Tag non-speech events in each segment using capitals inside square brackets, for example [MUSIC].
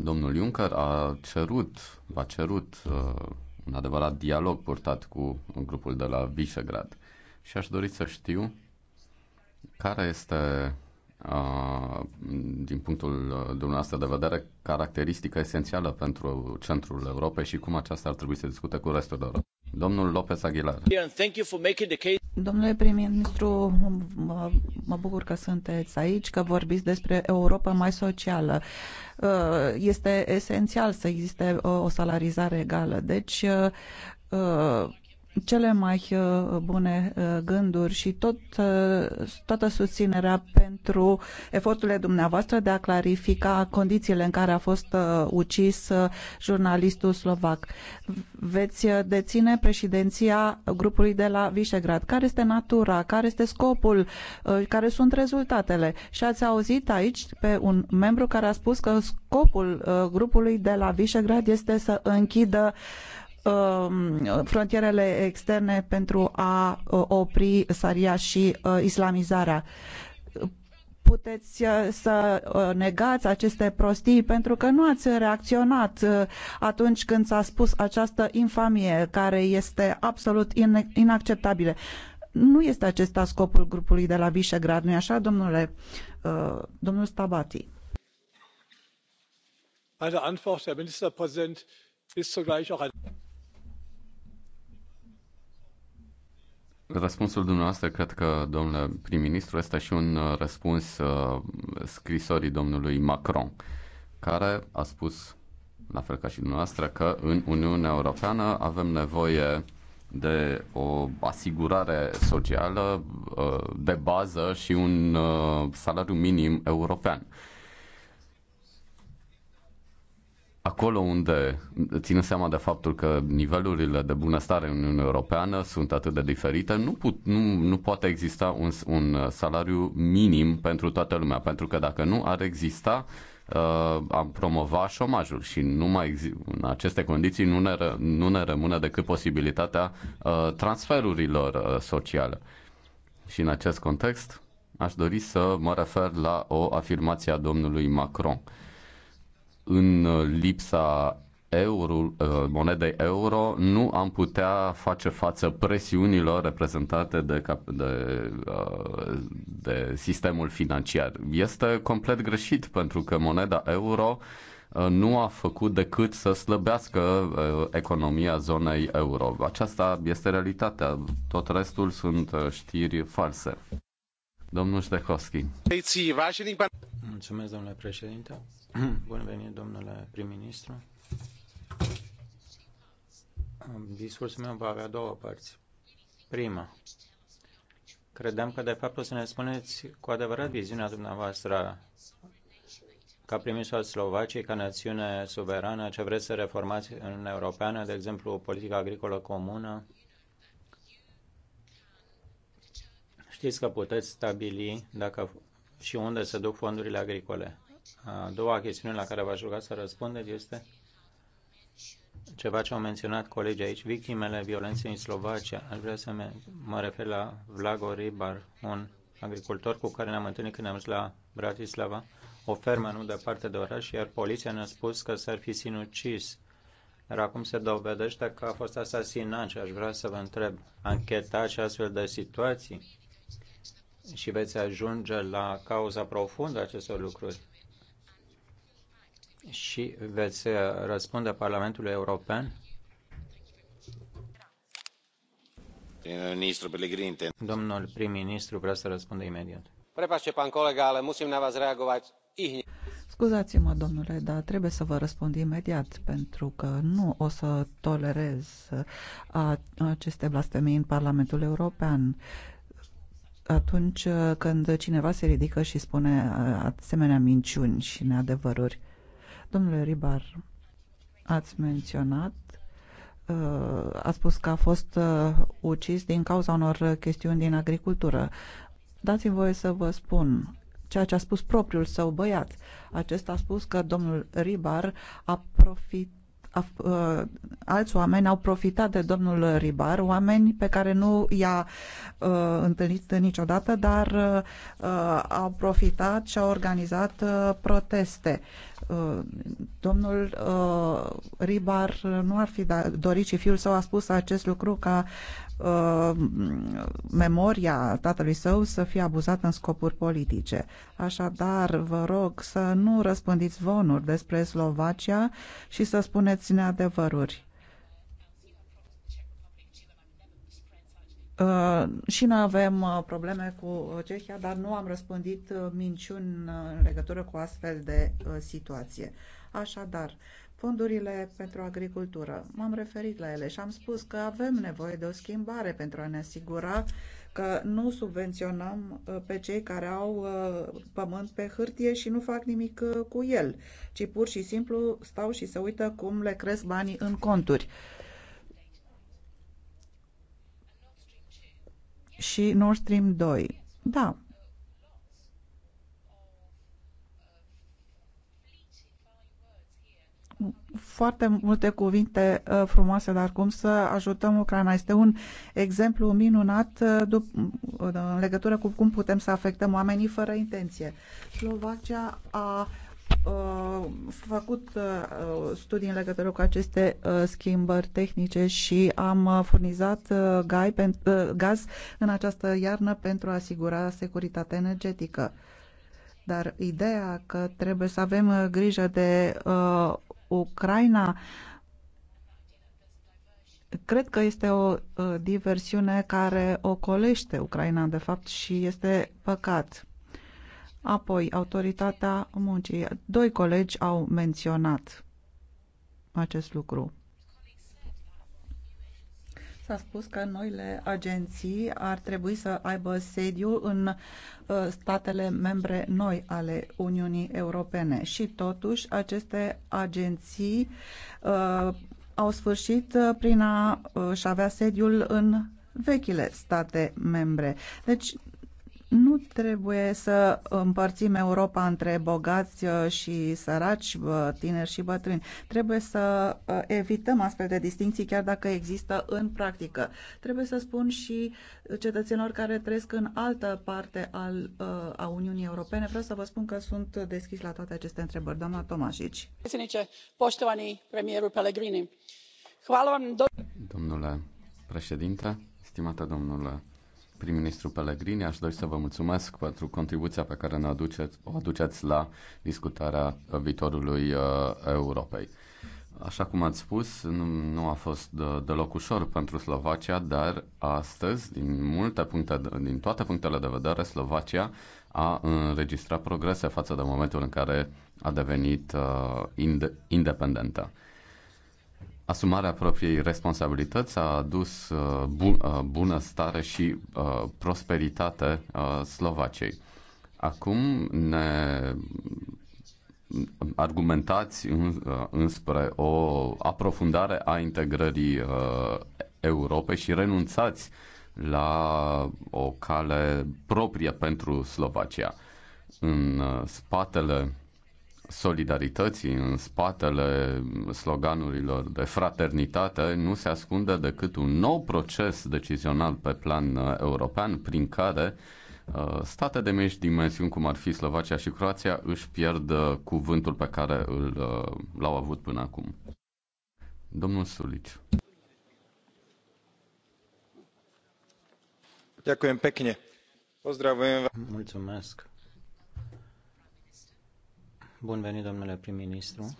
Domnul Juncker a cerut, a cerut uh, un adevărat dialog purtat cu grupul de la Visegrad. Și aș dori să știu care este, uh, din punctul uh, dumneavoastră de vedere, caracteristica esențială pentru centrul Europei și cum aceasta ar trebui să discute cu restul Europei. Domnul Aguilar. Domnule prim-ministru, mă, mă bucur că sunteți aici, că vorbiți despre Europa mai socială. Uh, este esențial să existe uh, o salarizare egală. Deci, uh, cele mai uh, bune uh, gânduri și tot, uh, toată susținerea pentru eforturile dumneavoastră de a clarifica condițiile în care a fost ucis jurnalistul slovac. Veți deține președinția grupului de la Visegrad. Care este natura? Care este scopul? Care sunt rezultatele? Și ați auzit aici pe un membru care a spus că scopul grupului de la Visegrad este să închidă uh, Um, frontierele externe pentru a uh, opri saria și uh, islamizarea puteți uh, să negați aceste prostii pentru că nu ați reacționat atunci când s-a spus această infamie care este absolut inacceptabilă. Nu este acesta scopul grupului de la Visegrad, nu-i așa, domnule, domnul Stabati? Eine Antwort, Herr Ministerpräsident, ist zugleich auch ein Răspunsul dumneavoastră, cred că, domnule prim-ministru, este și un uh, răspuns uh, scrisorii domnului Macron, care a spus, la fel ca și dumneavoastră, că în Uniunea Europeană avem nevoie de o asigurare socială uh, de bază și un salariu minim european. acolo unde ține seama de faptul că nivelurile de bunăstare în Uniunea Europeană sunt atât de diferite, nu, put, nu, nu poate exista un, un salariu minim pentru toată lumea, pentru că dacă nu ar exista uh, am promova șomajul și nu mai exi- în aceste condiții nu ne, ră, nu ne rămâne decât posibilitatea uh, transferurilor uh, sociale. Și în acest context aș dori să mă refer la o afirmație a domnului Macron. Uh, în uh, lipsa euro, uh, monedei euro nu am putea face față presiunilor reprezentate de, de, uh, de sistemul financiar. Este complet greșit pentru că moneda euro nu a făcut decât să slăbească economia zonei euro. Aceasta este realitatea. Tot restul sunt știri false. Domnul Ștehovski. Mulțumesc, domnule președinte. [CLEARS THROAT] Bun venit, domnule prim-ministru. Discursul meu va avea două părți. Prima, credeam că de fapt o să ne spuneți cu adevărat viziunea dumneavoastră ca primisul al Slovaciei, ca națiune suverană, ce vreți să reformați în Europeană, de exemplu, politica agricolă comună, Știți că puteți stabili dacă și unde se duc fondurile agricole. A doua chestiune la care v-aș ruga să răspundeți este ceva ce au menționat colegii aici, victimele violenței în Slovacia. Aș vrea să me, mă refer la Vlago Ribar, un agricultor cu care ne-am întâlnit când am ajuns la Bratislava, o fermă nu departe de oraș, iar poliția ne-a spus că s-ar fi sinucis. Dar acum se dovedește că a fost asasinat și aș vrea să vă întreb, și astfel de situații? și veți ajunge la cauza profundă a acestor lucruri și veți uh, răspunde Parlamentului European? Domnul prim-ministru vrea să răspundă imediat. Prepaște, pan colega, ale musim na vas reagovați. Scuzați-mă, domnule, dar trebuie să vă răspund imediat, pentru că nu o să tolerez uh, aceste blasfemii în Parlamentul European atunci uh, când cineva se ridică și spune uh, asemenea minciuni și neadevăruri. Domnule Ribar, ați menționat, uh, a spus că a fost ucis din cauza unor chestiuni din agricultură. Dați-mi voie să vă spun ceea ce a spus propriul său băiat. Acesta a spus că domnul Ribar a profitat a, uh, alți oameni au profitat de domnul Ribar, oameni pe care nu i-a uh, întâlnit niciodată, dar a, uh, au profitat și au organizat a, proteste. domnul uh, Ribar nu ar fi da, dorit și fiul său a spus acest lucru ca Uh, memoria tatălui său să fie abuzată în scopuri politice. Așadar, vă rog să nu răspândiți vonuri despre Slovacia și să spuneți neadevăruri. Uh, și noi avem uh, probleme cu Cehia, dar nu am răspândit uh, minciuni în legătură cu astfel de uh, situație. Așadar, uh, fondurile pentru agricultură. M-am referit la ele și am spus că avem nevoie de o schimbare pentru a ne asigura că nu subvenționăm uh, pe cei care au uh, pământ pe hârtie și nu fac nimic uh, cu el, ci pur și simplu stau și se uită cum le cresc banii în conturi. Și Nord Stream 2. Da, foarte multe cuvinte uh, frumoase, dar cum să ajutăm Ucraina? Este un exemplu minunat uh, uh, în legătură cu cum putem să afectăm oamenii fără intenție. Slovacia a făcut studii în legătură cu aceste schimbări tehnice și am furnizat gaz în această iarnă pentru a asigura securitatea energetică. Dar ideea că trebuie să avem uh, grijă de uh, Ucraina cred că este o uh, diversiune care ocolește Ucraina, de fapt, și este păcat. Apoi, autoritatea muncii. Doi colegi au menționat acest lucru. S-a spus că noile agenții ar trebui să aibă sediu în uh, statele membre noi ale Uniunii Europene și totuși aceste agenții uh, au sfârșit uh, prin a-și uh, avea sediul în vechile state membre. Deci nu trebuie să împărțim Europa între bogați uh, și săraci, uh, tineri și bătrâni. Trebuie să uh, evităm astfel de distinții, chiar dacă există în practică. Trebuie să spun și cetățenilor care trăiesc în altă parte al, a Uniunii Europene. Vreau să vă spun că sunt deschis la toate aceste întrebări. Doamna Tomașici. Poștovani premierul Pellegrini. Domnule președinte, stimată domnule prim-ministru Pellegrini, aș dori să vă mulțumesc pentru contribuția pe care ne aduceți, o aduceți la discutarea viitorului uh, Europei. Așa cum ați spus, nu, nu a fost de, deloc ușor pentru Slovacia, dar astăzi, din, multe puncte, din toate punctele de vedere, Slovacia a înregistrat progrese față de momentul în care a devenit uh, ind- independentă. Asumarea propriei responsabilități a adus uh, uh, bună stare și uh, prosperitate Slovaciei. Acum ne argumentați înspre o aprofundare a integrării Europei și renunțați la o cale proprie pentru Slovacia. În spatele solidarității, în spatele sloganurilor de fraternitate, nu se ascunde decât un nou proces decizional pe plan uh, european prin care uh, state de mici dimensiuni, cum ar fi Slovacia și Croația, își pierd uh, cuvântul pe care îl, l-au avut până acum. Domnul Sulici. Mulțumesc. Bun venit, domnule prim-ministru.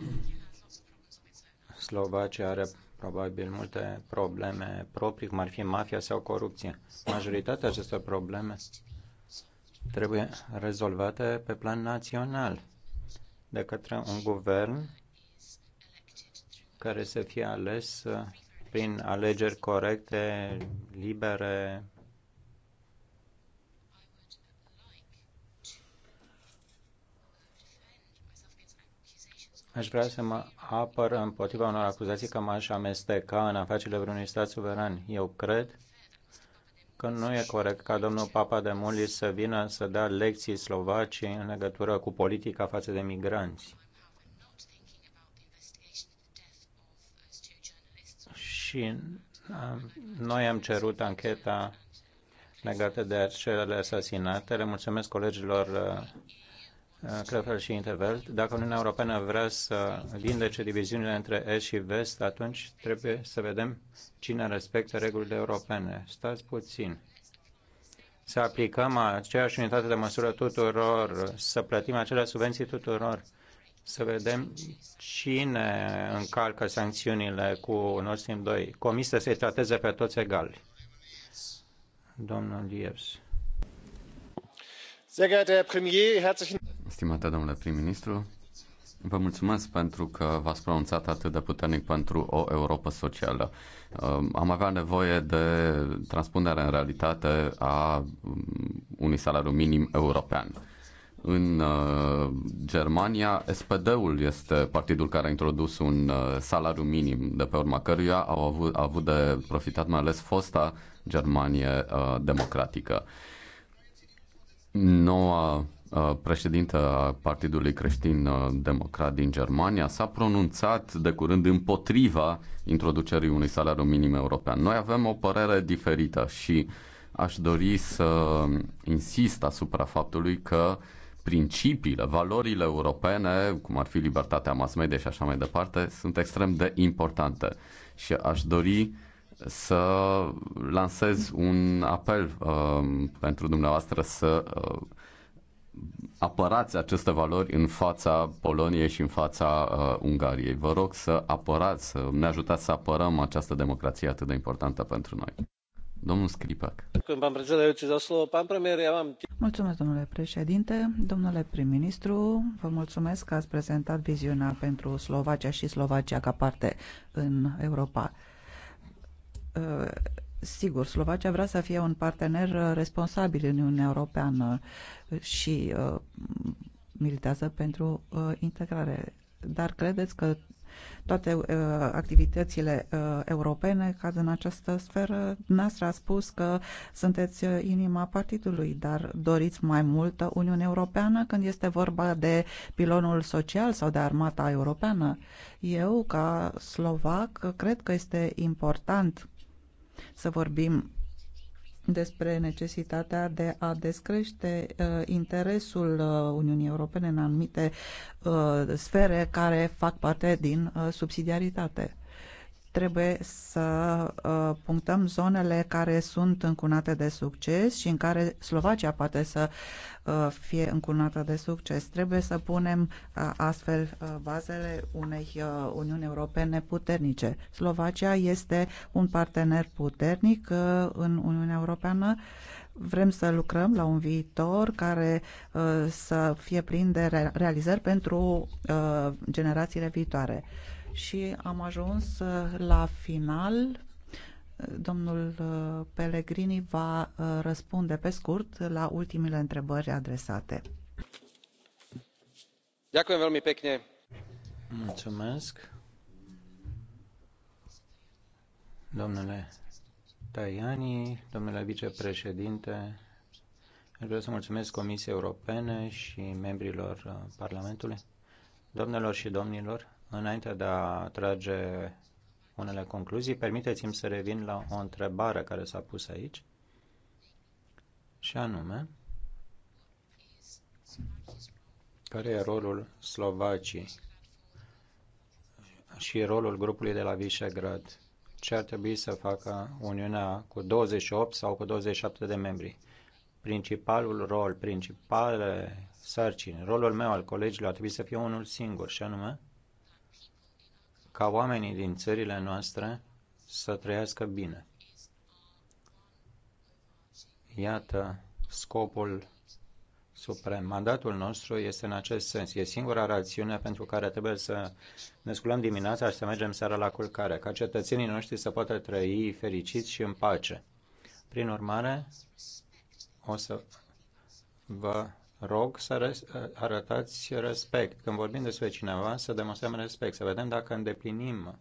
Slovacia are probabil multe probleme proprii, cum ar fi mafia sau corupție. Majoritatea acestor probleme trebuie rezolvate pe plan național de către un guvern care să fie ales prin alegeri corecte, libere, Aș vrea să mă apăr împotriva unor acuzații că m-aș amesteca în afacerile vreunui stat suveran. Eu cred că nu e corect ca domnul Papa de Mulis să vină să dea lecții slovacii în legătură cu politica față de migranți. Și uh, noi am cerut ancheta legată de acele asasinate. Le mulțumesc colegilor uh, cred că și interval. dacă Uniunea Europeană vrea să vindece diviziunile între Est și Vest, atunci trebuie să vedem cine respectă regulile europene. Stați puțin. Să aplicăm aceeași unitate de măsură tuturor, să plătim acelea subvenții tuturor, să vedem cine încalcă sancțiunile cu Nord Stream 2. Comisia să-i trateze pe toți egali. Domnul Lievs. Sehr geehrter Herr Premier, herzlichen Stimate domnule prim-ministru, Vă mulțumesc pentru că v-ați pronunțat atât de puternic pentru o Europa socială. Am avea nevoie de transpunere în realitate a um, unui salariu minim european. În uh, Germania, SPD-ul este partidul care a introdus un uh, salariu minim, de pe urma căruia au avut, au avut de profitat mai ales fosta Germanie uh, democratică. Noua Uh, președintă a Partidului Creștin uh, Democrat din Germania, s-a pronunțat de curând împotriva introducerii unui salariu minim european. Noi avem o părere diferită și aș dori să insist asupra faptului că principiile, valorile europene, cum ar fi libertatea mass media și așa mai departe, sunt extrem de importante. Și aș dori să lansez un apel uh, pentru dumneavoastră să uh, apărați aceste valori în fața Poloniei și în fața uh, Ungariei. Vă rog să apărați, să ne ajutați să apărăm această democrație atât de importantă pentru noi. Domnul Scripac. Mulțumesc, domnule președinte. Domnule prim-ministru, vă mulțumesc că ați prezentat viziunea pentru Slovacia și Slovacia ca parte în Europa uh, Sigur, Slovacia vrea să fie un partener uh, responsabil în Uniunea Europeană uh, și uh, militează pentru uh, integrare. Dar credeți că toate uh, activitățile uh, europene cad în această sferă? Noastră a spus că sunteți uh, inima partidului, dar doriți mai multă Uniune Europeană când este vorba de pilonul social sau de armata europeană? Eu, ca slovac, cred că este important să vorbim despre necesitatea de a descrește uh, interesul uh, Uniunii Europene în anumite uh, sfere care fac parte din uh, subsidiaritate trebuie să uh, punctăm zonele care sunt încunate de succes și în care Slovacia poate să uh, fie încunată de succes. Trebuie să punem uh, astfel bazele unei Uniuni Europene puternice. Slovacia este un partener puternic în Uniunea Europeană vrem să lucrăm la un viitor care uh, să fie plin de realizări pentru uh, generațiile viitoare. Uh, și am ajuns uh, la final. Domnul uh, Pellegrini va uh, răspunde pe scurt la ultimile întrebări adresate. Mulțumesc. Domnule Tajani, domnule vicepreședinte, vreau să mulțumesc Comisiei Europene și membrilor Parlamentului. Domnilor și domnilor, Înainte de a trage unele concluzii, permiteți-mi să revin la o întrebare care s-a pus aici, și anume, care e rolul Slovacii și rolul grupului de la Visegrad? Ce ar trebui să facă Uniunea cu 28 sau cu 27 de membri? Principalul rol, principale sarcini, rolul meu al colegilor ar trebui să fie unul singur, și anume ca oamenii din țările noastre să trăiască bine. Iată scopul suprem. Mandatul nostru este în acest sens. E singura rațiune pentru care trebuie să ne sculăm dimineața și să mergem seara la culcare, ca cetățenii noștri să poată trăi fericiți și în pace. Prin urmare, o să vă rog să uh, arătați respect. Când vorbim despre cineva, să demonstrăm respect, să vedem dacă îndeplinim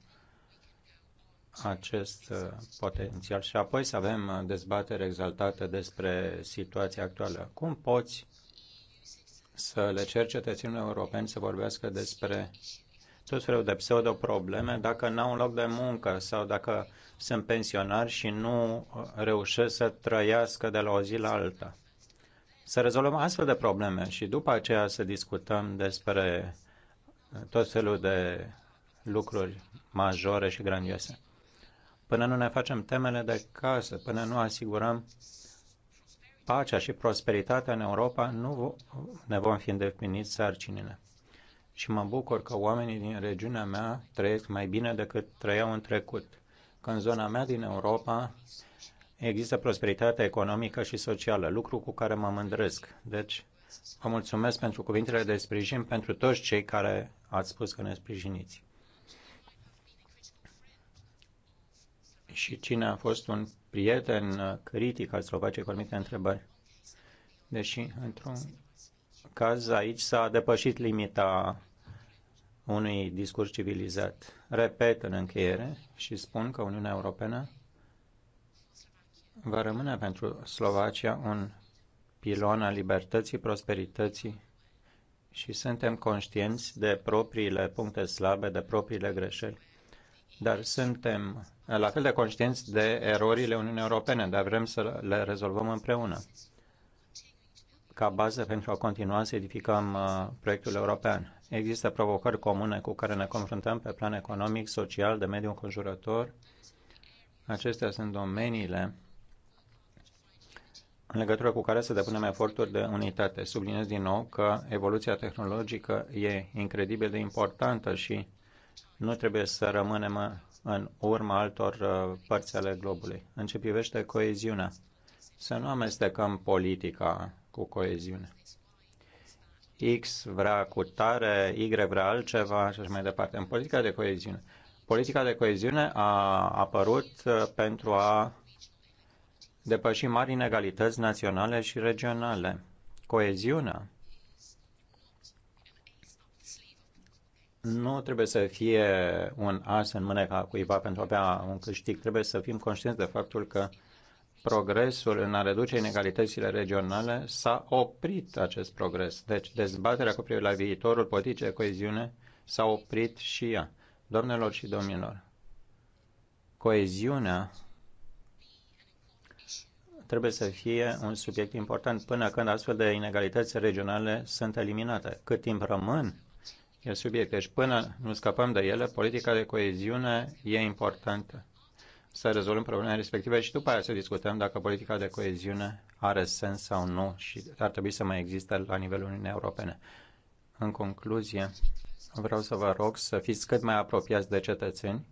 acest uh, potențial și apoi să avem uh, dezbatere exaltată despre situația actuală. Cum poți să le ceri cetățenilor europeni să vorbească despre tot felul de pseudo-probleme dacă n-au un loc de muncă sau dacă sunt pensionari și nu reușesc să trăiască de la o zi la alta să rezolvăm astfel de probleme și după aceea să discutăm despre tot felul de lucruri majore și grandioase. Până nu ne facem temele de casă, până nu asigurăm pacea și prosperitatea în Europa, nu ne vom fi îndeplinit sarcinile. Și mă bucur că oamenii din regiunea mea trăiesc mai bine decât trăiau în trecut. Că în zona mea din Europa există prosperitate economică și socială, lucru cu care mă mândresc. Deci, vă mulțumesc pentru cuvintele de sprijin pentru toți cei care ați spus că ne sprijiniți. Și cine a fost un prieten critic al Slovaciei cu anumite întrebări? Deși, într-un caz, aici s-a depășit limita unui discurs civilizat. Repet în încheiere și spun că Uniunea Europeană va rămâne pentru Slovacia un pilon al libertății, prosperității și suntem conștienți de propriile puncte slabe, de propriile greșeli. Dar suntem la fel de conștienți de erorile Uniunii Europene, dar vrem să le rezolvăm împreună ca bază pentru a continua să edificăm uh, proiectul european. Există provocări comune cu care ne confruntăm pe plan economic, social, de mediu înconjurător. Acestea sunt domeniile în legătură cu care să depunem eforturi de unitate. Subliniez din nou că evoluția tehnologică e incredibil de importantă și nu trebuie să rămânem în urma altor uh, părți ale globului. În ce privește coeziunea, să nu amestecăm politica cu coeziune. X vrea cu tare, Y vrea altceva și așa mai departe. În politica de coeziune. Politica de coeziune a apărut uh, pentru a depăși mari inegalități naționale și regionale. Coeziunea nu trebuie să fie un as în mâneca cuiva pentru a avea un câștig. Trebuie să fim conștienți de faptul că progresul în a reduce inegalitățile regionale s-a oprit acest progres. Deci dezbaterea cu privire la viitorul politicii coeziune s-a oprit și ea. Doamnelor și domnilor, coeziunea trebuie să fie un subiect important până când astfel de inegalități regionale sunt eliminate. Cât timp rămân, e subiect. Deci până nu scăpăm de ele, politica de coeziune e importantă. Să rezolvăm problemele respective și după aia să discutăm dacă politica de coeziune are sens sau nu și ar trebui să mai existe la nivelul Uniunii Europene. În concluzie, vreau să vă rog să fiți cât mai apropiați de cetățeni,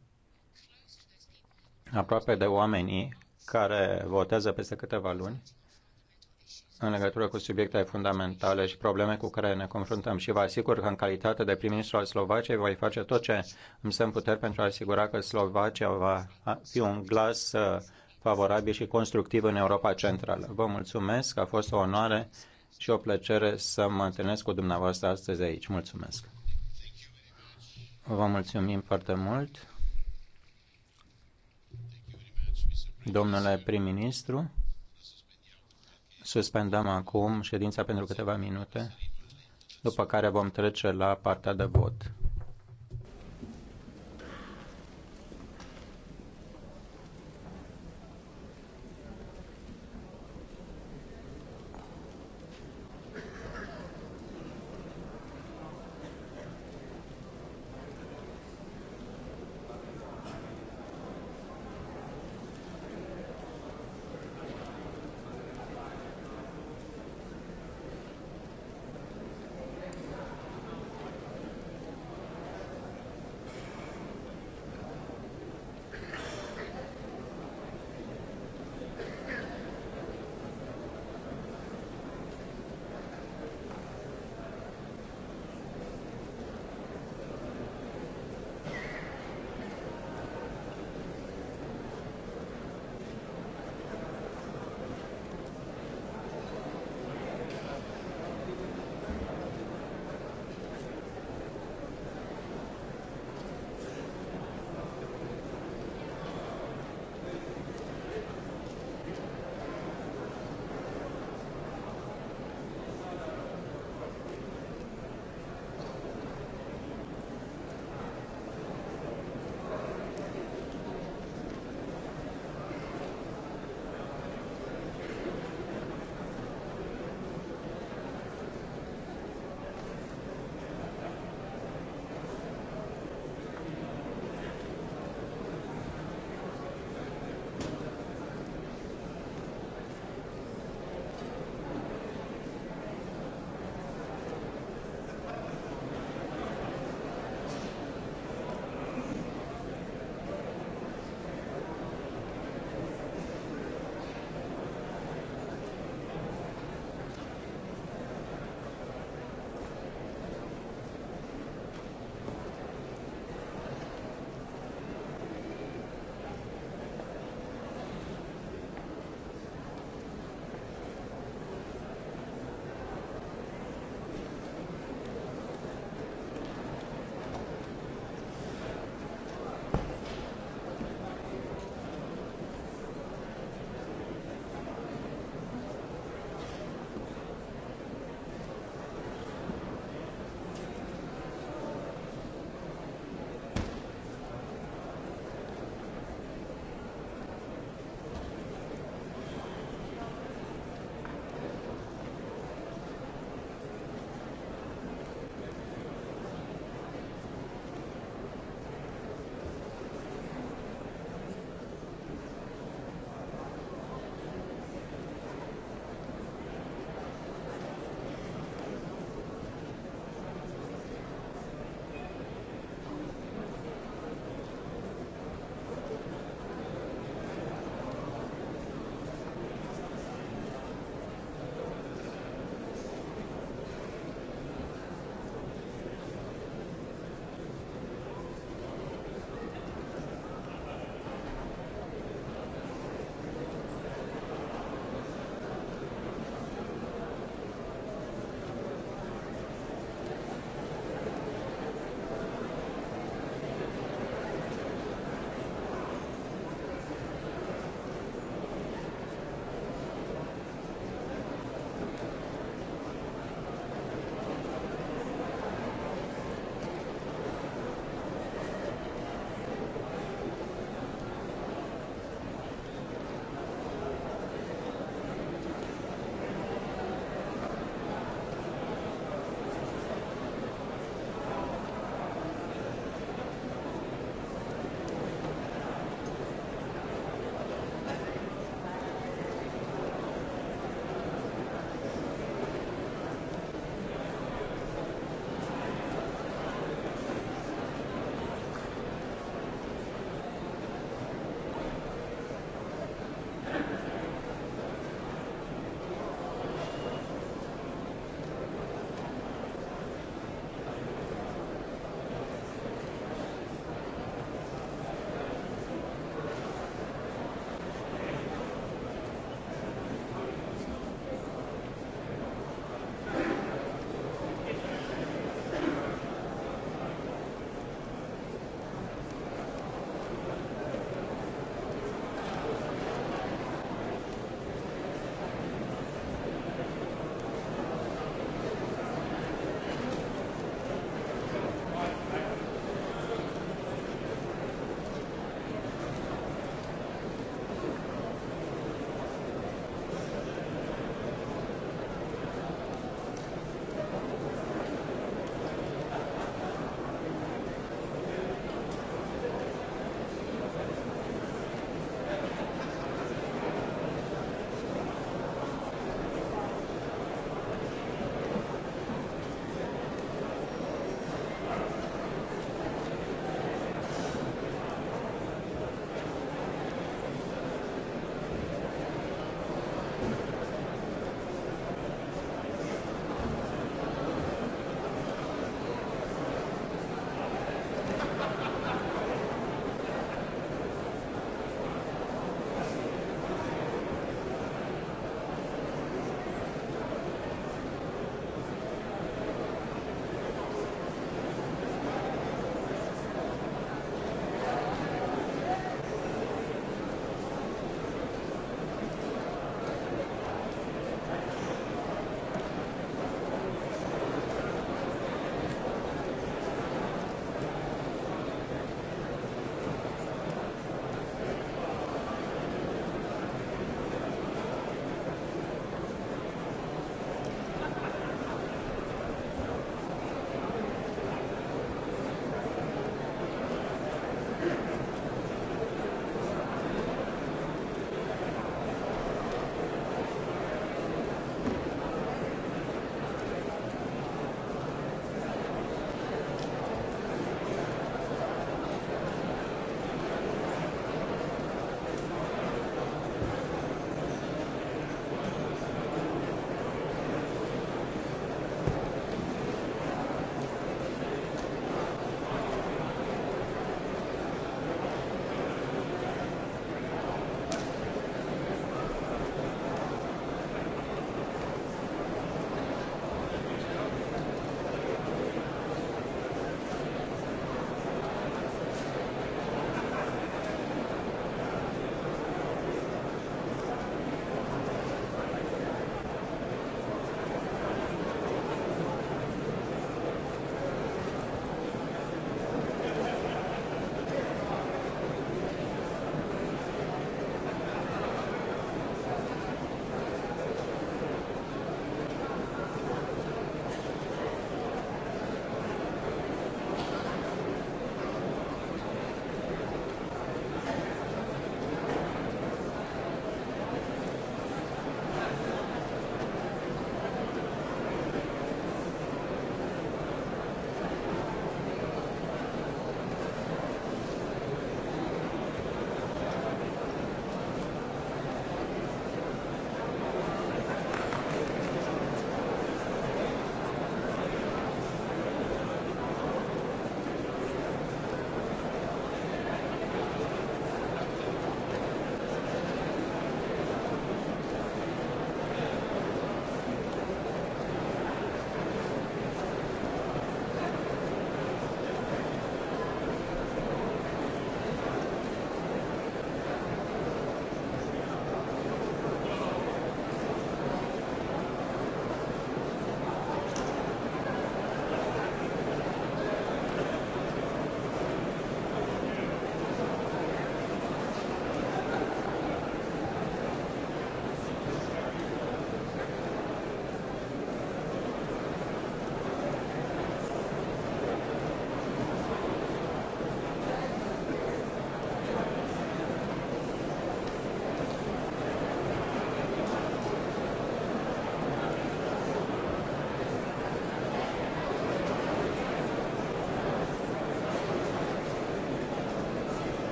aproape de oamenii care votează peste câteva luni în legătură cu subiecte fundamentale și probleme cu care ne confruntăm și vă asigur că în calitate de prim-ministru al Slovaciei voi face tot ce îmi stă în putere pentru a asigura că Slovacia va fi un glas uh, favorabil și constructiv în Europa Centrală. Vă mulțumesc, a fost o onoare și o plăcere să mă întâlnesc cu dumneavoastră astăzi aici. Mulțumesc! Vă mulțumim foarte mult! Domnule prim-ministru, suspendăm acum ședința pentru câteva minute, după care vom trece la partea de vot.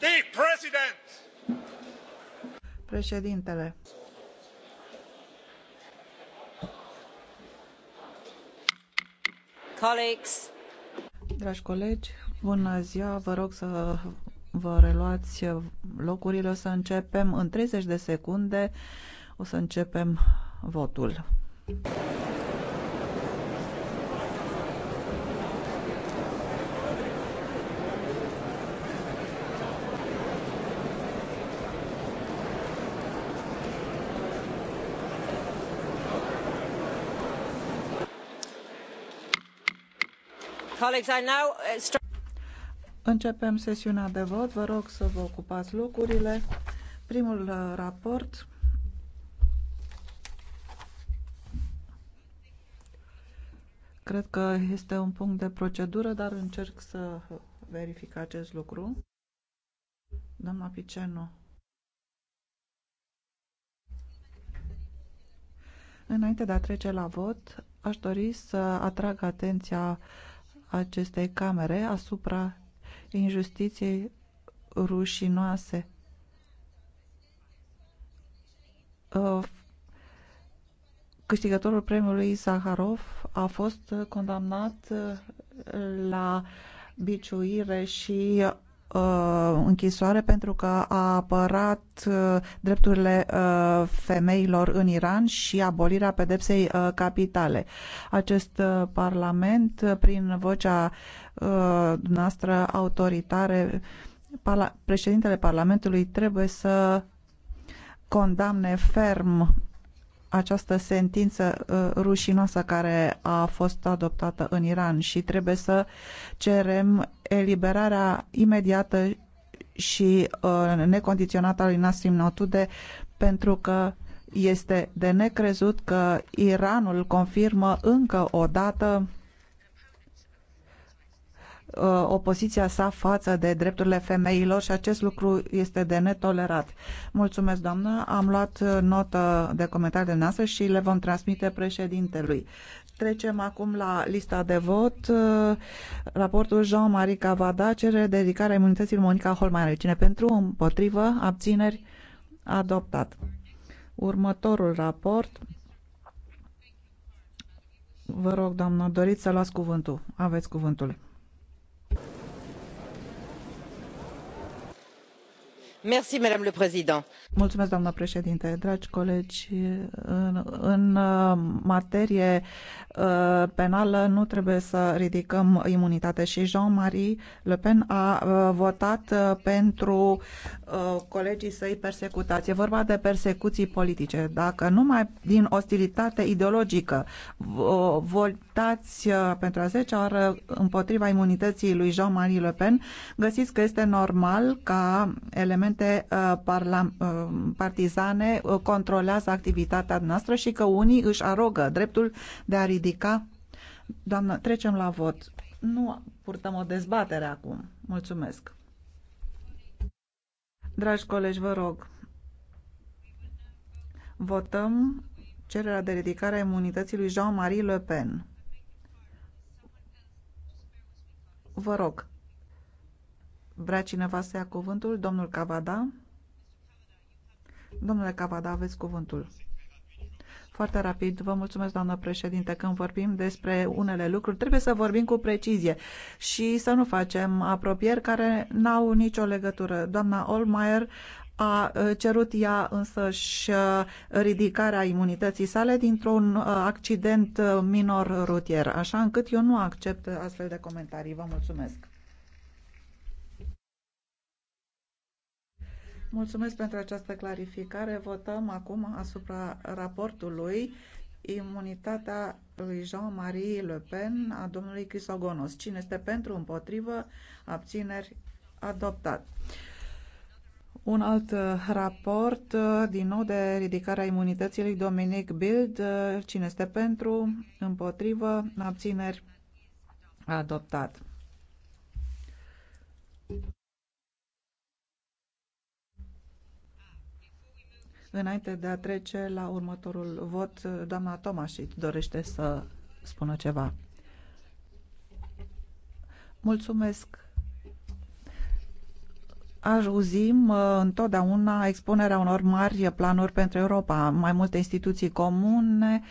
The President! Președintele. Colleagues. Dragi colegi, bună ziua, vă rog să vă reluați locurile, o să începem în 30 de secunde, o să începem votul. Uh, Începem sesiunea de vot. Vă rog să vă ocupați locurile. Primul uh, raport. Cred că este un punct de procedură, dar încerc să verific acest lucru. Doamna Picenu. Înainte de a trece la vot, aș dori să atrag atenția acestei camere asupra injustiției rușinoase. Uh, câștigătorul premiului Saharov a fost condamnat uh, la biciuire și Uh, închisoare pentru că a apărat uh, drepturile uh, femeilor în Iran și abolirea pedepsei capitale. Acest parlament, prin vocea noastră autoritare, președintele Parlamentului trebuie să condamne ferm această sentință uh, rușinoasă care a fost adoptată în Iran și trebuie să cerem eliberarea imediată și uh, necondiționată a lui Nasrim Notude pentru că este de necrezut că Iranul confirmă încă o dată Uh, opoziția sa față de drepturile femeilor și acest lucru este de netolerat. Mulțumesc, doamnă. Am luat uh, notă de comentariile noastre și le vom transmite președintelui. Trecem acum la lista de vot. Uh, raportul Jean-Marie Cavada cere dedicarea imunității lui Monica Holmeier. Cine pentru, împotrivă, abțineri, adoptat. Următorul raport. Vă rog, doamnă, doriți să luați cuvântul. Aveți cuvântul. doamnă președintă dragi colegi în, uh, materie uh, penală nu trebuie să ridicăm imunitate și jean marie le pen a uh, votat pentru colegii săi persecutați. e vorba de persecuții politice. dacă numai din ostilitate ideologică votați pentru a zecea oară împotriva imunității lui jean marie le pen găsiți că este normal ca elemente elemente uh, uh, partizane uh, controlează activitatea noastră și că unii își arogă dreptul de a ridica. Doamnă, trecem la vot. Nu purtăm o dezbatere acum. Mulțumesc. Dragi colegi, vă rog, votăm cererea de ridicare a imunității lui Jean-Marie Le Pen. Vă rog, Vrea cineva să ia cuvântul? Domnul Cavada? Domnule Cavada, aveți cuvântul. Foarte rapid, vă mulțumesc, doamnă președinte. Când vorbim despre unele lucruri, trebuie să vorbim cu precizie și să nu facem apropieri care n-au nicio legătură. Doamna Olmeier a uh, cerut ea însă și uh, ridicarea imunității sale dintr-un uh, accident minor rutier, așa încât eu nu accept astfel de comentarii. Vă mulțumesc. Mulțumesc pentru această clarificare. Votăm acum asupra raportului imunitatea lui Jean-Marie Le Pen a domnului Crisogonos. Cine este pentru, împotrivă, abțineri, adoptat. Un alt uh, raport, uh, din nou de ridicarea imunității lui Dominic Bild. Uh, cine este pentru, împotrivă, abțineri, adoptat. Înainte de a trece la următorul vot, doamna Tomașit dorește să spună ceva. Mulțumesc. Ajuzim uh, întotdeauna expunerea unor mari planuri pentru Europa, mai multe instituții comune,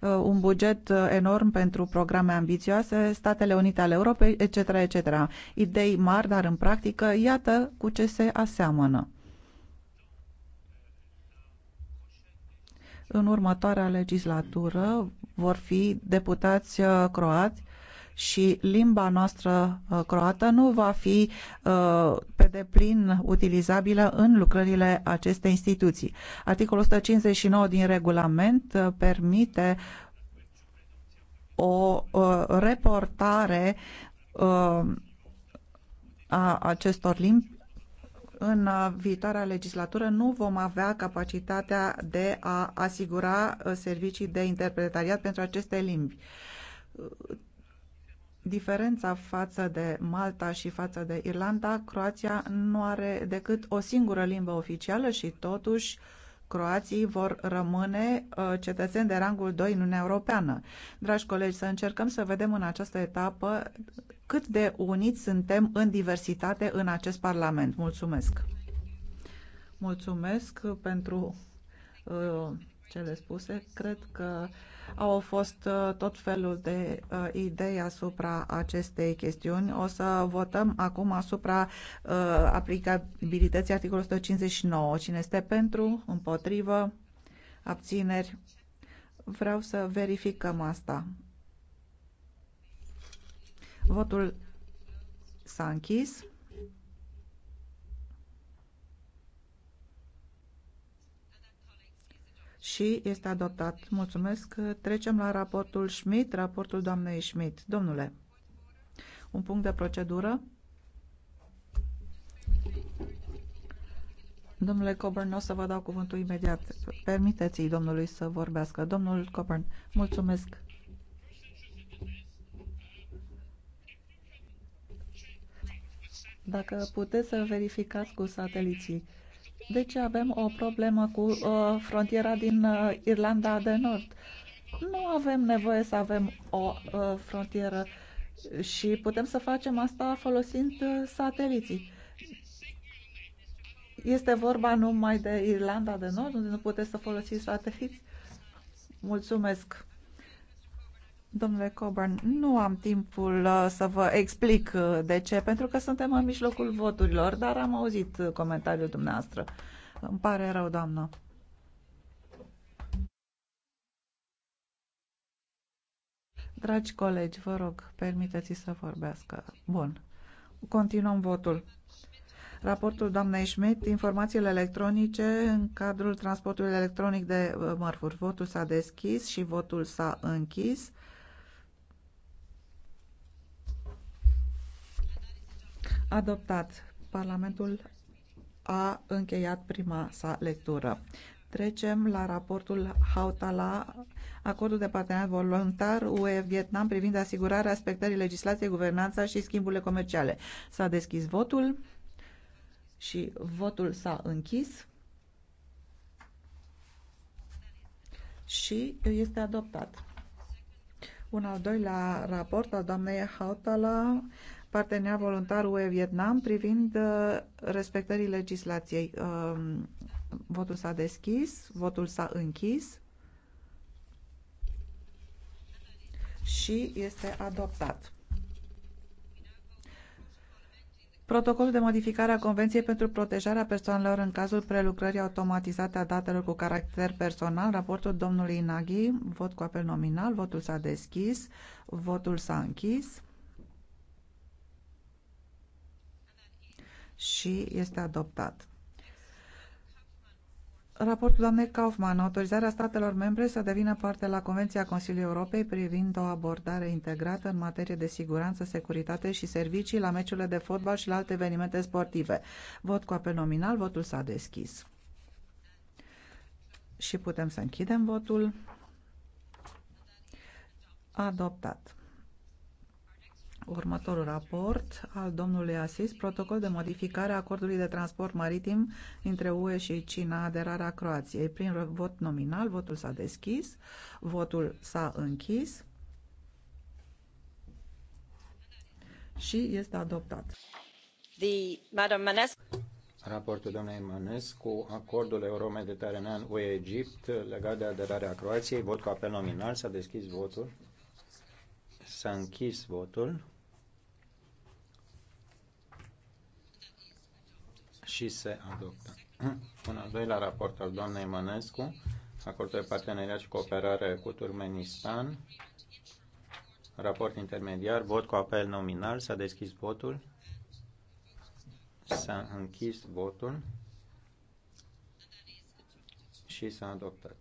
uh, un buget uh, enorm pentru programe ambițioase, Statele Unite ale Europei, etc., etc. Idei mari, dar în practică, iată cu ce se aseamănă. În următoarea legislatură vor fi deputați uh, croați și limba noastră uh, croată nu va fi uh, pe deplin utilizabilă în lucrările acestei instituții. Articolul 159 din regulament permite o reportare a acestor limbi în viitoarea legislatură nu vom avea capacitatea de a asigura uh, servicii de interpretariat pentru aceste limbi. Diferența față de Malta și față de Irlanda, Croația nu are decât o singură limbă oficială și totuși uh, croații vor rămâne uh, cetățeni de rangul 2 în Uniunea Europeană. Dragi colegi, să încercăm să vedem în această etapă cât de uniți suntem în diversitate în acest Parlament. Mulțumesc! Mulțumesc pentru uh, cele spuse. Cred că au fost uh, tot felul de uh, idei asupra acestei chestiuni. O să votăm acum asupra uh, aplicabilității articolului 159. Cine este pentru, împotrivă, abțineri? Vreau să verificăm asta. Votul s-a închis. și este adoptat. Mulțumesc. Trecem la raportul Schmidt, raportul doamnei Schmidt. Domnule, un punct de procedură? Domnule Coburn, o să vă dau cuvântul imediat. Permiteți-i domnului să vorbească. Domnul Coburn, mulțumesc. Dacă puteți să verificați cu sateliții deci avem o problemă cu uh, frontiera din uh, Irlanda de Nord. Nu avem nevoie să avem o uh, frontieră și putem să facem asta folosind uh, sateliții. Este vorba numai de Irlanda de Nord, unde nu puteți să folosiți sateliți? Mulțumesc! Domnule Coburn, nu am timpul uh, să vă explic uh, de ce, pentru că suntem în mijlocul voturilor, dar am auzit comentariul dumneavoastră. Îmi pare rău, doamnă. Dragi colegi, vă rog, permiteți să vorbească. Bun. Continuăm votul. Raportul doamnei Schmidt, informațiile electronice în cadrul transportului electronic de uh, mărfuri. Votul s-a deschis și votul s-a închis. Adoptat. Parlamentul a încheiat prima sa lectură. Trecem la raportul Hautala, acordul de parteneriat voluntar UE-Vietnam privind asigurarea respectării legislației, guvernanța și schimburile comerciale. S-a deschis votul și votul s-a închis și este adoptat. Un al doilea raport al doamnei Hautala partener voluntar UE-Vietnam privind uh, respectării legislației. Um, votul s-a deschis, votul s-a închis și este adoptat. Protocolul de modificare a Convenției pentru protejarea persoanelor în cazul prelucrării automatizate a datelor cu caracter personal, raportul domnului Inaghi, vot cu apel nominal, votul s-a deschis, votul s-a închis și este adoptat. Raportul doamnei Kaufmann, autorizarea statelor membre să devină parte la Convenția Consiliului Europei privind o abordare integrată în materie de siguranță, securitate și servicii la meciurile de fotbal și la alte evenimente sportive. Vot cu apel nominal, votul s-a deschis. Și putem să închidem votul. Adoptat următorul raport al domnului Asis, protocol de modificare a acordului de transport maritim între UE și China, aderarea Croației. Prin vot nominal, votul s-a deschis, votul s-a închis și este adoptat. The, Madam Manescu. Raportul domnului Manescu, acordul euromediteranean UE-Egipt legat de aderarea Croației, vot cu apel nominal, s-a deschis votul, s-a închis votul. și se adoptă. [CLEARS THROAT] Un al doilea raport al doamnei Mănescu, acordul de parteneriat și cooperare cu Turmenistan, raport intermediar, vot cu apel nominal, s-a deschis votul, s-a închis votul și s-a adoptat.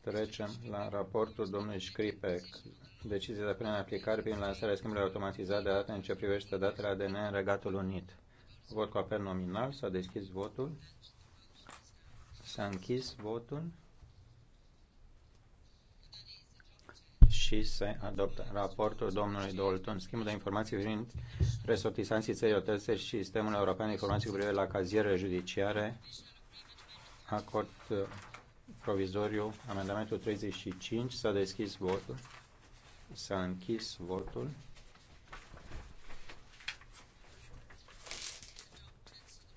Trecem la raportul domnului Scripec, Decizia de plină în aplicare prin lansarea schimbului automatizat de date în ce privește datele ADN în Regatul Unit. Vot cu apel nominal. S-a deschis votul. S-a închis votul. și se adoptă raportul domnului Dalton. Schimbul de informații privind resortisanții țării terțe și sistemul european de informații cu privire la caziere judiciare. Acord uh, provizoriu, amendamentul 35, s-a deschis votul, s-a închis votul.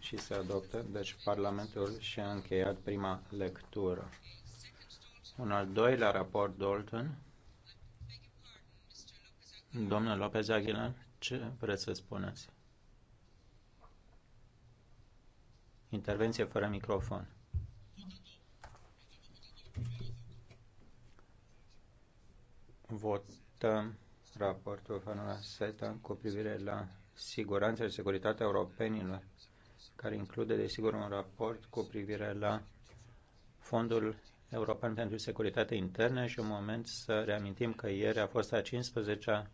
și se adoptă, deci Parlamentul și-a încheiat prima lectură. Un al doilea raport, Dalton. Domnul Lopez Aguilar, ce vreți să spuneți? Intervenție fără microfon. Votăm raportul Fanula SETA cu privire la siguranța și securitatea europenilor care include, desigur, un raport cu privire la Fondul European pentru Securitate Internă și un moment să reamintim că ieri a fost a 15-a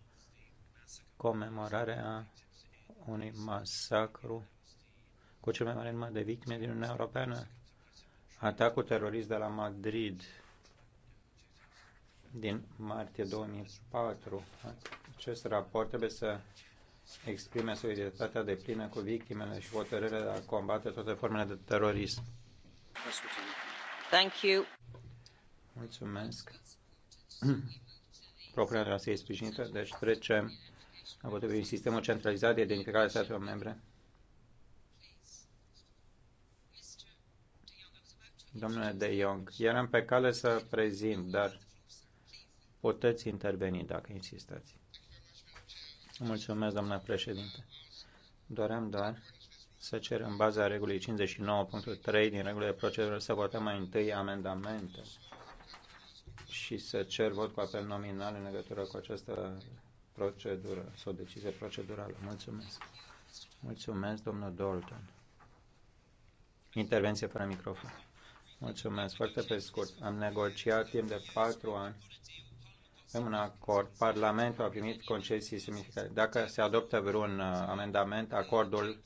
comemorare a unui masacru cu cel mai mare număr de victime din Uniunea Europeană, atacul terorist de la Madrid din martie 2004. Acest raport trebuie să exprime solidaritatea de plină cu victimele și hotărârea de a combate toate formele de terorism. Thank you. Mulțumesc. Propunerea să fie sprijinită, deci trecem la potrivit sistemul centralizat de identificare a statelor membre. Domnule De Jong, eram pe cale să prezint, dar puteți interveni dacă insistați. Mulțumesc, doamna președinte. Doream doar să cer în baza regulii 59.3 din regulile de procedură să votăm mai întâi amendamente și să cer vot cu apel nominal în legătură cu această procedură sau decizie procedurală. Mulțumesc. Mulțumesc, domnul Dalton. Intervenție fără microfon. Mulțumesc. Foarte pe scurt. Am negociat timp de patru ani avem un acord. Parlamentul a primit concesii semnificative. Dacă se adoptă vreun uh, amendament, acordul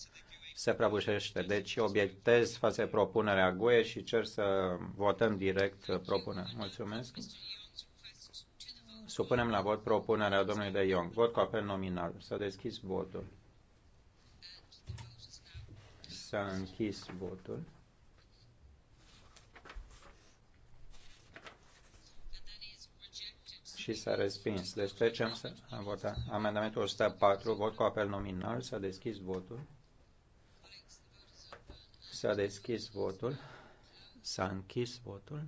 se prăbușește. Deci obiectez față propunerea GUE și cer să votăm direct uh, propunerea. Mulțumesc. Supunem la vot propunerea domnului De Iong. Vot cu apel nominal. Să deschis votul. S-a închis votul. și s-a respins. Deci trecem să votăm amendamentul 104, vot cu apel nominal, s-a deschis votul. S-a deschis votul. S-a închis votul.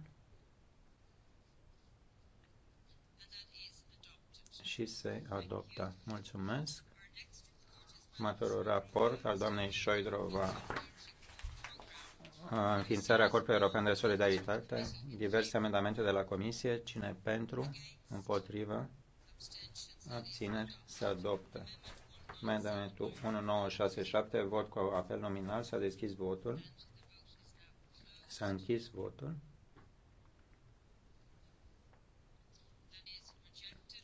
Și se adoptă. Mulțumesc. Următorul raport al doamnei Șoidrova înființarea Corpului European de Solidaritate, diverse amendamente de la Comisie, cine pentru, împotrivă, abțineri, se adoptă. Amendamentul 1967, vot cu apel nominal, s-a deschis votul, s-a închis votul,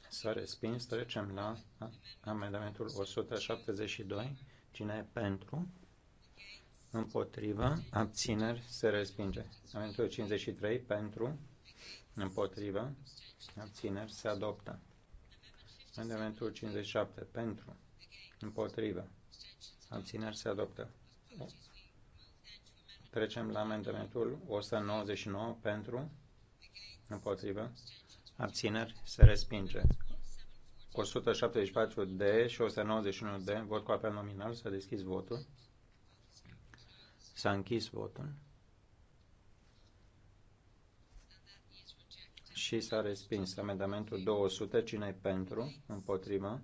s-a respins, trecem la amendamentul 172, cine e pentru, împotrivă, abțineri, se respinge. Amendamentul 53 pentru, împotrivă, abțineri, se adoptă. Amendamentul 57 pentru, împotrivă, abțineri, se adoptă. Trecem la amendamentul 199 pentru, împotrivă, abțineri, se respinge. 174 de și 191 de, vot cu apel nominal, să deschizi votul. S-a închis votul. Și s-a respins amendamentul 200. Cine pentru? Împotrivă?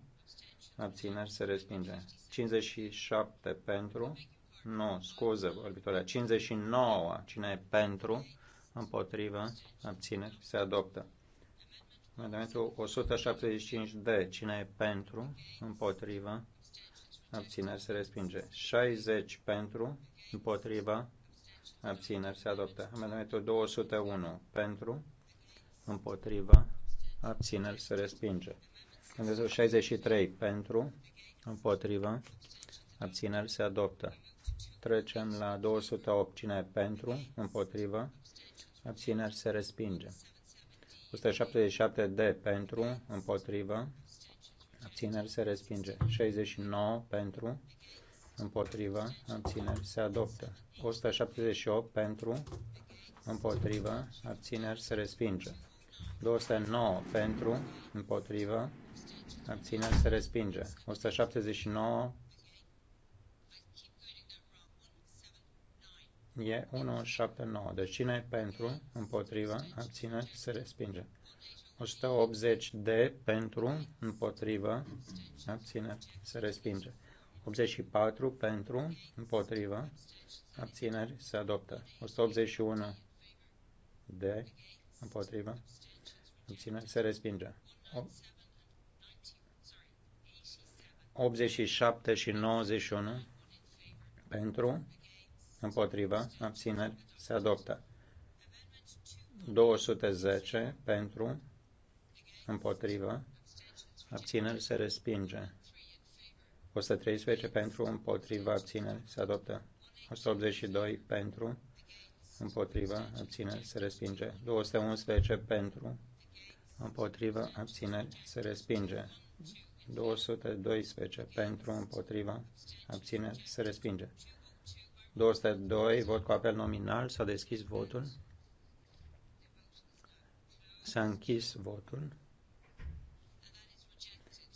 Abțineri se respinge. 57 pentru. Nu, scuză, vorbitoarea. 59. Cine e pentru? Împotrivă? Abțineri se adoptă. Amendamentul 175D. Cine e pentru? Împotrivă? Abțineri se respinge. 60 pentru Împotriva. Abțineri. Se adoptă. Amendamentul 201. Pentru. Împotriva. Abțineri. Se respinge. Amendamentul 63. Pentru. Împotriva. Abțineri. Se adoptă. Trecem la 208. Cine e pentru? Împotriva. Abțineri. Se respinge. 177 de pentru, împotriva abțineri se respinge. 69 pentru, împotrivă, abțineri, se adoptă. 178 pentru, împotrivă, abțineri, se respinge. 209 pentru, împotrivă, abțineri, se respinge. 179 e 179. Deci cine e pentru, împotrivă, abțineri, se respinge. 180 de pentru, împotrivă, abțineri, se respinge. 84 pentru, împotrivă, abțineri, se adoptă. 181 de, împotrivă, abțineri, se respinge. 87 și 91 pentru, împotrivă, abțineri, se adoptă. 210 pentru, împotrivă, abțineri, se respinge. 113 pentru, împotriva, abține, se adoptă. 182 pentru, împotriva, abține, se respinge. 211 pentru, împotriva, abține, se respinge. 212 pentru, împotriva, abține, se respinge. 202, vot cu apel nominal, s-a deschis votul. S-a închis votul.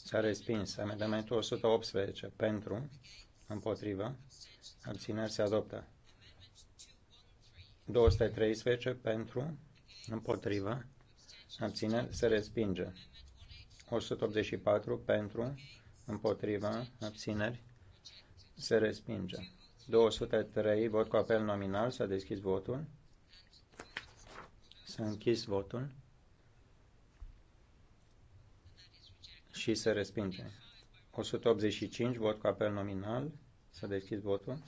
S-a respins. Amendamentul 118 pentru, împotrivă, abțineri se adoptă. 213 pentru, împotrivă, abțineri se respinge. 184 pentru, împotrivă, abțineri, se respinge. 203, vot cu apel nominal, s-a deschis votul, s-a închis votul. și se respinge. 185, vot cu apel nominal. Să deschis votul.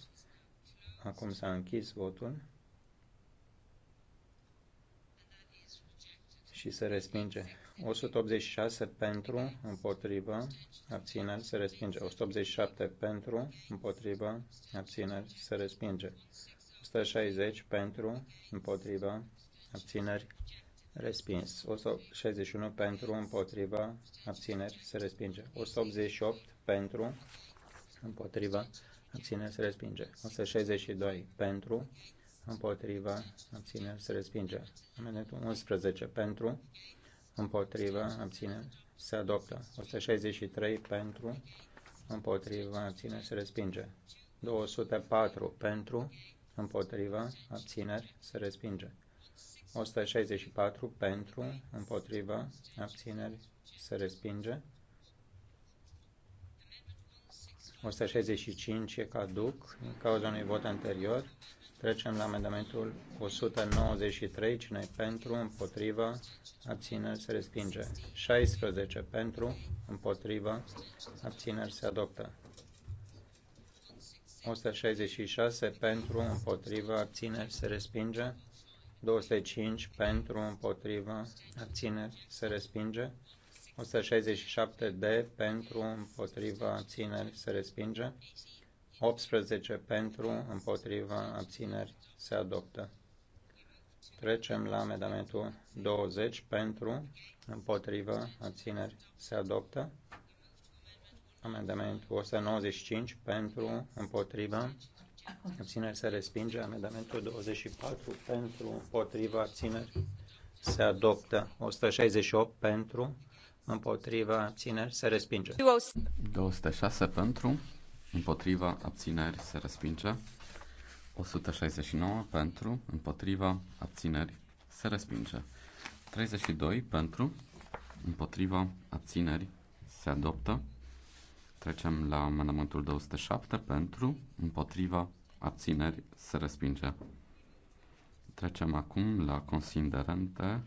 Acum s-a închis votul. Și se respinge. 186 pentru, împotrivă, abțineri, se respinge. 187 pentru, împotrivă, abțineri, se respinge. 160 pentru, împotrivă, abțineri, Respins. 161 pentru, împotriva, abțineri, se respinge. 188 pentru, împotriva, abțineri, se respinge. 162 pentru, împotriva, abțineri, se respinge. Amendamentul 11 pentru, împotriva, abțineri, se adoptă. 163 pentru, împotriva, abțineri, se respinge. 204 pentru, împotriva, abțineri, se respinge. 164 pentru, împotrivă, abțineri, se respinge. 165 e caduc din cauza unui vot anterior. Trecem la amendamentul 193, cine pentru, împotrivă, abțineri, se respinge. 16 pentru, împotrivă, abțineri, se adoptă. 166 pentru, împotrivă, abțineri, se respinge. 205 pentru, împotrivă, abțineri, se respinge. 167 de pentru, împotrivă, abțineri, se respinge. 18 pentru, împotrivă, abțineri, se adoptă. Trecem la amendamentul 20 pentru, împotrivă, abțineri, se adoptă. Amendamentul 195 pentru, împotrivă, abțineri se respinge, amendamentul 24 pentru, împotriva, abțineri se adoptă, 168 pentru, împotriva, abțineri se respinge. 206 pentru, împotriva, abțineri se respinge, 169 pentru, împotriva, abțineri se respinge, 32 pentru, împotriva, abțineri se adoptă, Trecem la amendamentul 207 pentru, împotriva, abțineri, se respinge. Trecem acum la considerente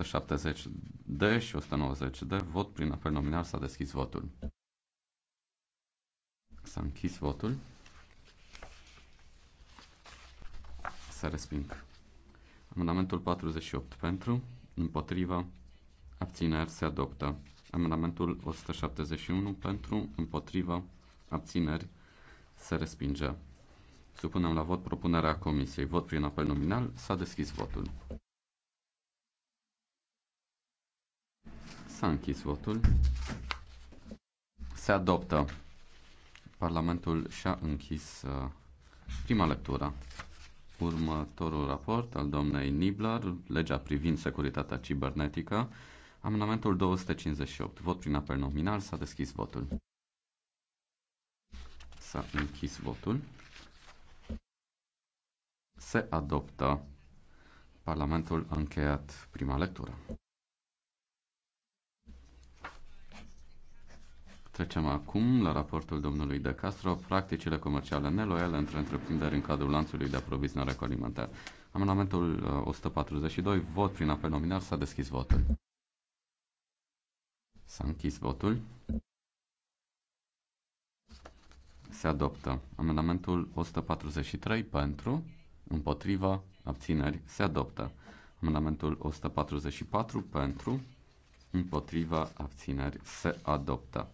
170D și 190D. Vot prin apel nominal s-a deschis votul. S-a închis votul. Se resping. Amendamentul 48 pentru, împotriva, abțineri se adoptă. Amendamentul 171 pentru, împotriva, abțineri se respinge. Supunem la vot propunerea Comisiei. Vot prin apel nominal. S-a deschis votul. S-a închis votul. Se adoptă. Parlamentul și-a închis uh, prima lectură. Următorul raport al domnei Nibler, legea privind securitatea cibernetică, amendamentul 258. Vot prin apel nominal. S-a deschis votul. S-a închis votul se adoptă. Parlamentul a încheiat prima lectură. Trecem acum la raportul domnului De Castro, practicile comerciale neloiale între întreprinderi în cadrul lanțului de aprovizionare cu alimente. Amendamentul 142, uh, vot prin apel nominal, s-a deschis votul. S-a închis votul. Se adoptă. Amendamentul 143 pentru, împotriva, abțineri, se adoptă. Amendamentul 144 pentru, împotriva, abțineri, se adoptă.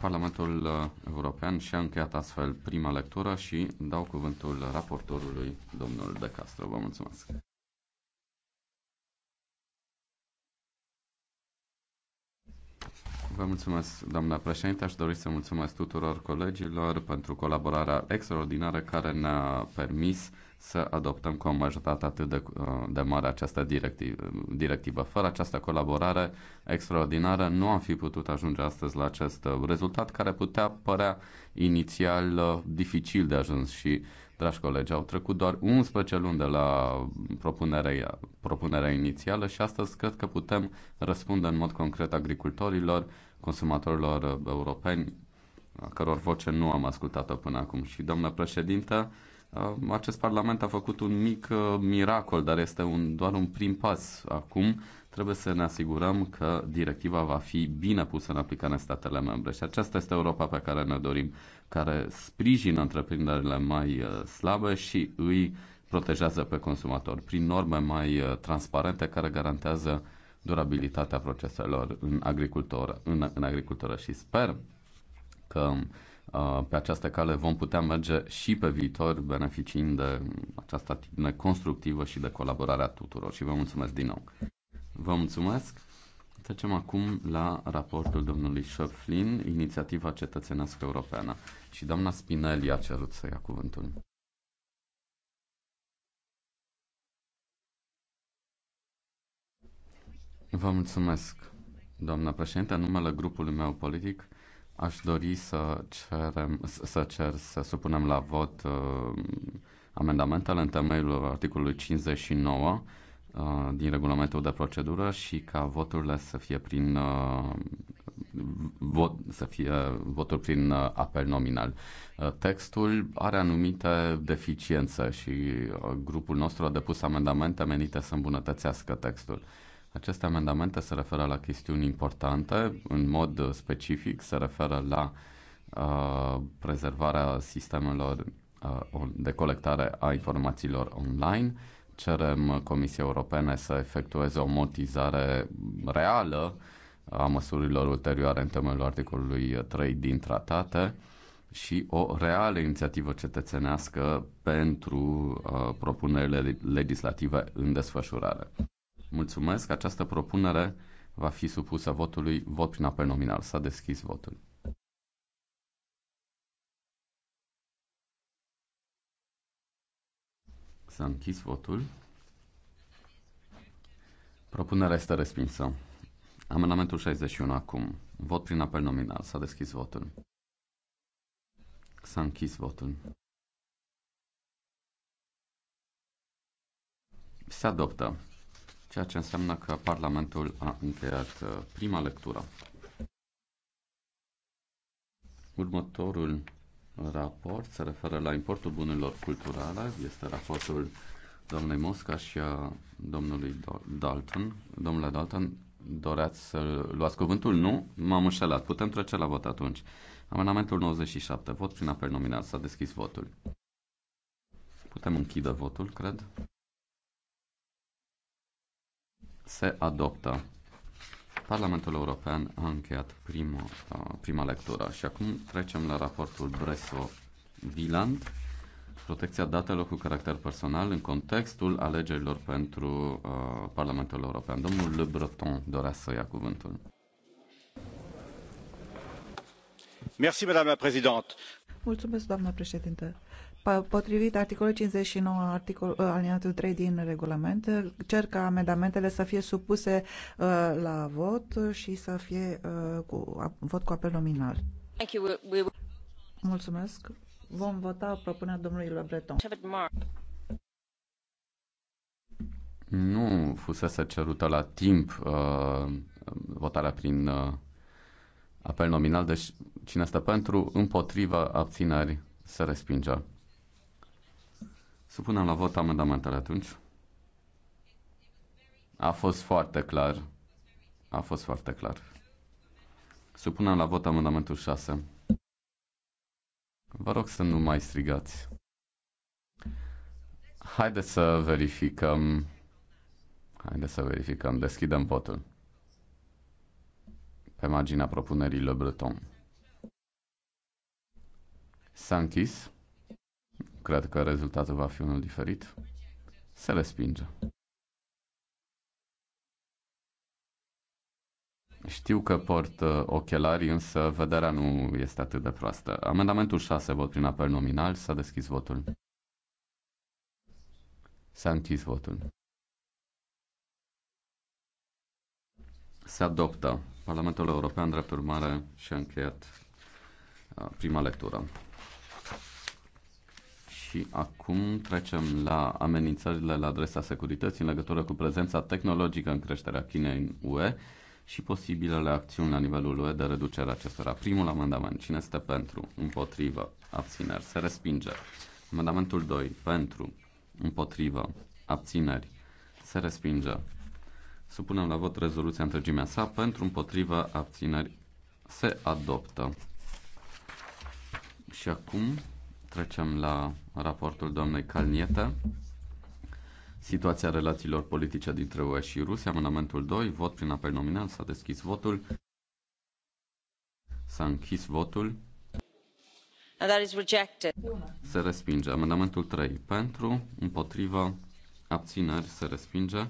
Parlamentul uh, European și-a încheiat astfel prima lectură și dau cuvântul raportorului, domnul De Castro. Vă mulțumesc! Vă mulțumesc, doamna președinte. Aș dori să mulțumesc tuturor colegilor pentru colaborarea extraordinară care ne-a permis să adoptăm cu o majoritate atât de, de mare această directivă, directivă. Fără această colaborare extraordinară nu am fi putut ajunge astăzi la acest rezultat care putea părea inițial uh, dificil de ajuns și uh, Dragi colegi, au trecut doar 11 luni de la propunerea, propunerea inițială și astăzi cred că putem răspunde în mod concret agricultorilor, consumatorilor europeni, a căror voce nu am ascultat-o până acum. Și, domnă președintă, acest parlament a făcut un mic uh, miracol, dar este un, doar un prim pas acum trebuie să ne asigurăm că directiva va fi bine pusă în aplicare în statele membre. Și aceasta este Europa pe care ne dorim, care sprijină întreprinderile mai uh, slabe și îi protejează pe consumator prin norme mai uh, transparente care garantează durabilitatea proceselor în agricultură, în, în agricultură și sper că uh, pe această cale vom putea merge și pe viitor beneficiind de această atitudine constructivă și de colaborarea tuturor și vă mulțumesc din nou. Vă mulțumesc. Trecem acum la raportul domnului Șoflin, Inițiativa Cetățenească Europeană. Și doamna Spinelli a cerut să ia cuvântul. Vă mulțumesc, doamna președinte. În numele grupului meu politic aș dori să, cerem, să cer să supunem la vot uh, amendamentele în temeiul articolului 59 Uh, din regulamentul de procedură și ca voturile să fie prin uh, vot, să fie voturi prin uh, apel nominal. Textul are anumite deficiențe și grupul nostru a depus amendamente menite să îmbunătățească textul. Aceste amendamente se referă la chestiuni importante, în mod specific se referă la uh, prezervarea sistemelor uh, de colectare a informațiilor online, uh, cerem Comisiei Europene să efectueze o motizare reală a măsurilor ulterioare în temeiul articolului 3 din tratate și o reală inițiativă cetățenească pentru uh, propunerile legislative în desfășurare. Mulțumesc, această propunere va fi supusă votului, vot prin apel nominal. S-a deschis votul. S-a închis votul. Propunerea este respinsă. Amendamentul 61 acum. Vot prin apel nominal. S-a deschis votul. S-a închis votul. Se adoptă, ceea ce înseamnă că Parlamentul a încheiat uh, prima lectură. Următorul raport se referă la importul bunurilor culturale. Este raportul domnului Mosca și a domnului Dalton. Domnule Dalton, doreați să luați cuvântul? Nu? M-am înșelat. Putem trece la vot atunci. Amendamentul 97. Vot prin apel nominal. S-a deschis votul. Putem închide votul, cred. Se adoptă. Parlamentul European a încheiat primul, uh, prima lectură și acum trecem la raportul Bresso-Viland, protecția datelor cu caracter personal în contextul alegerilor pentru uh, Parlamentul European. Domnul Le Breton dorea să ia cuvântul. Merci, Mulțumesc, doamna președinte. Potrivit articolului 59, articol, uh, alineatul 3 din regulament, cer ca amendamentele să fie supuse uh, la vot și să fie uh, cu, a, vot cu apel nominal. Mulțumesc. Vom vota propunerea domnului Le Breton. Nu fusese cerută la timp uh, votarea prin uh, apel nominal, deci cine stă pentru, împotriva, abțineri, se respinge. Să punem la vot amendamentele atunci. A fost foarte clar. A fost foarte clar. Să punem la vot amendamentul 6. Vă rog să nu mai strigați. Haideți să verificăm. Haideți să verificăm. Deschidem votul. Pe marginea propunerii Le Breton. S-a închis cred că rezultatul va fi unul diferit. Se respinge. Știu că port uh, ochelari, însă vederea nu este atât de proastă. Amendamentul 6, vot prin apel nominal, s-a deschis votul. S-a închis votul. Se adoptă. Parlamentul European, drept urmare, și-a încheiat uh, prima lectură. Și acum trecem la amenințările la adresa securității în legătură cu prezența tehnologică în creșterea Chinei în UE și posibilele acțiuni la nivelul UE de reducere acestora. Primul amendament. Cine este pentru? Împotrivă. Abțineri. Se respinge. Amendamentul 2. Pentru. Împotrivă. Abțineri. Se respinge. Supunem la vot rezoluția întregimea sa. Pentru. Împotrivă. Abțineri. Se adoptă. Și acum Trecem la raportul doamnei Calnietă. Situația relațiilor politice dintre UE și Rusia, amendamentul 2, vot prin apel nominal, s-a deschis votul. S-a închis votul. And that is rejected. Se respinge. Amendamentul 3, pentru, împotriva, abțineri, se respinge.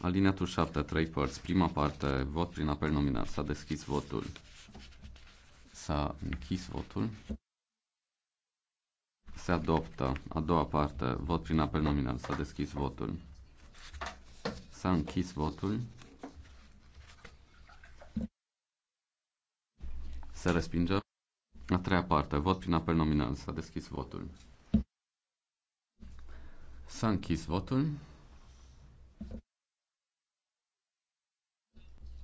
Alineatul 7, 3 părți. Prima parte, vot prin apel nominal, s-a deschis votul. S-a închis votul. Se adoptă. A doua parte, vot prin apel nominal. S-a deschis votul. S-a închis votul. Se respinge. A treia parte, vot prin apel nominal. S-a deschis votul. S-a închis votul.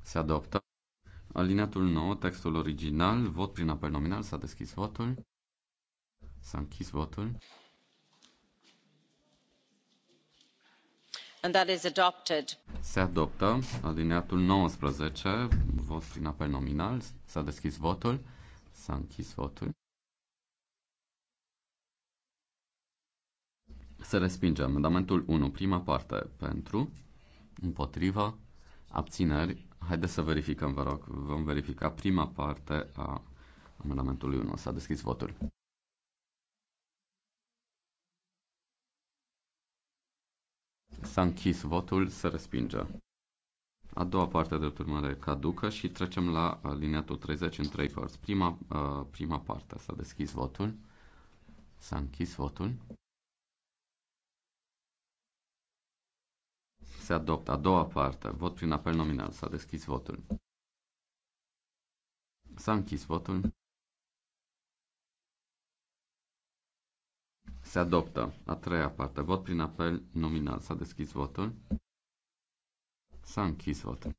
Se adoptă. Alineatul 9, textul original, vot prin apel nominal, s-a deschis votul. S-a închis votul. And that is adopted. Se adoptă alineatul 19, vot prin apel nominal. S-a deschis votul. S-a închis votul. Se respinge amendamentul 1, prima parte, pentru, împotriva, abțineri. Haideți să verificăm, vă rog. Vom verifica prima parte a amendamentului 1. S-a deschis votul. S-a închis votul, se respinge. A doua parte de urmare caducă și trecem la alineatul uh, 30 în trei părți. Prima, uh, prima parte s-a deschis votul, s-a închis votul. Se adoptă a doua parte, vot prin apel nominal, s-a deschis votul. S-a închis votul. Se adoptă. A treia parte. Vot prin apel nominal. S-a deschis votul. S-a închis votul.